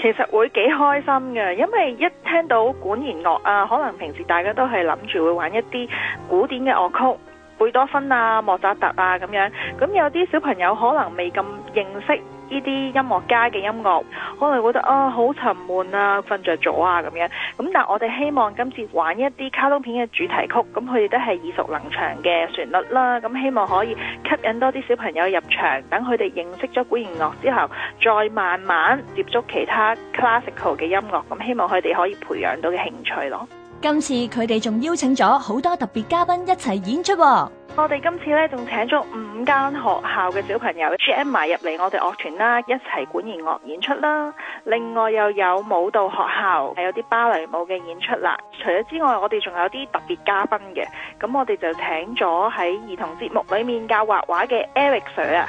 其實會幾開心嘅，因為一聽到管弦樂啊，可能平時大家都係諗住會玩一啲古典嘅樂曲。貝多芬啊、莫扎特啊咁樣，咁、嗯、有啲小朋友可能未咁認識呢啲音樂家嘅音樂，可能會覺得啊、哦、好沉悶啊、瞓着咗啊咁樣。咁、嗯、但係我哋希望今次玩一啲卡通片嘅主題曲，咁佢哋都係耳熟能詳嘅旋律啦。咁、嗯、希望可以吸引多啲小朋友入場，等佢哋認識咗管弦樂之後，再慢慢接觸其他 classical 嘅音樂。咁、嗯、希望佢哋可以培養到嘅興趣咯。今次佢哋仲邀請咗好多特別嘉賓一齊演出喎。我哋今次咧仲請咗五間學校嘅小朋友 join 埋入嚟我哋樂團啦，一齊管弦樂演出啦。另外又有舞蹈學校，係有啲芭蕾舞嘅演出啦。除咗之外，我哋仲有啲特別嘉賓嘅，咁我哋就請咗喺兒童節目裏面教畫畫嘅 Eric Sir 啊。